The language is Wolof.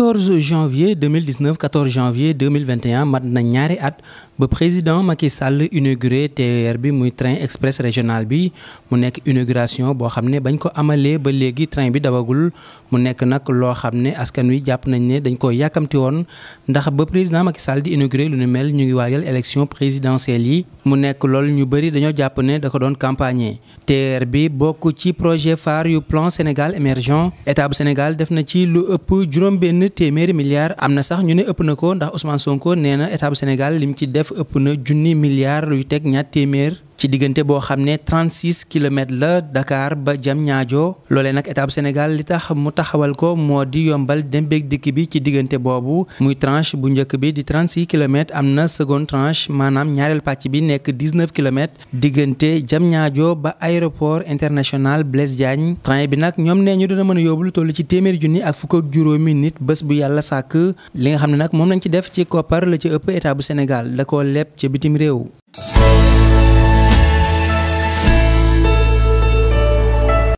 14 janvier 2019 14 janvier 2021 mat na ñaari at ba président Macky Sall inauguré TER bi muy train express régionale bi mu nekk inauguration boo xam ne bañ ko amalee ba léegi train bi dawagul mu nekk nag loo xam ne askan wi jàpp nañ ne dañ ko yàkkamti woon ndax ba président Macky Sall di inauguré lu nu mel ñu ngi waajal élection présidentielle yi mu nekk lool ñu bëri dañoo jàpp ne da doon campagne TER bi bokk ci projet phare yu plan Sénégal émergent état bu Sénégal def na ci lu ëpp juróom-benn téeméeri milliards am na sax ñu ne ëpp na ko ndax Ousmane Sonko nee na état bu Sénégal lim ci def ëpp na junni milliards yu teg ñaar téeméer. ci diggante boo xam ne 36 kilomètres la Dakar ba Diamniadio loolee nag état bu Sénégal li tax mu taxawal ko moo di yombal dem beeg dikk bi ci diggante boobu muy tranche bu njëkk bi di 36 kilomètres am na seconde tranche maanaam ñaareel pàcc bi nekk 19 kilomètres diggante ñaajoo ba aéroport international Blaise Diagne train bi nag ñoom nee ñu dina mën a yóbbu lu toll ci téeméeri junni ak fukk ak juróomi nit bés bu yàlla sàkk li nga xam ne nag moom lañ ci def ci koppar la ci ëpp état bu Sénégal da koo leb ca bitim réew.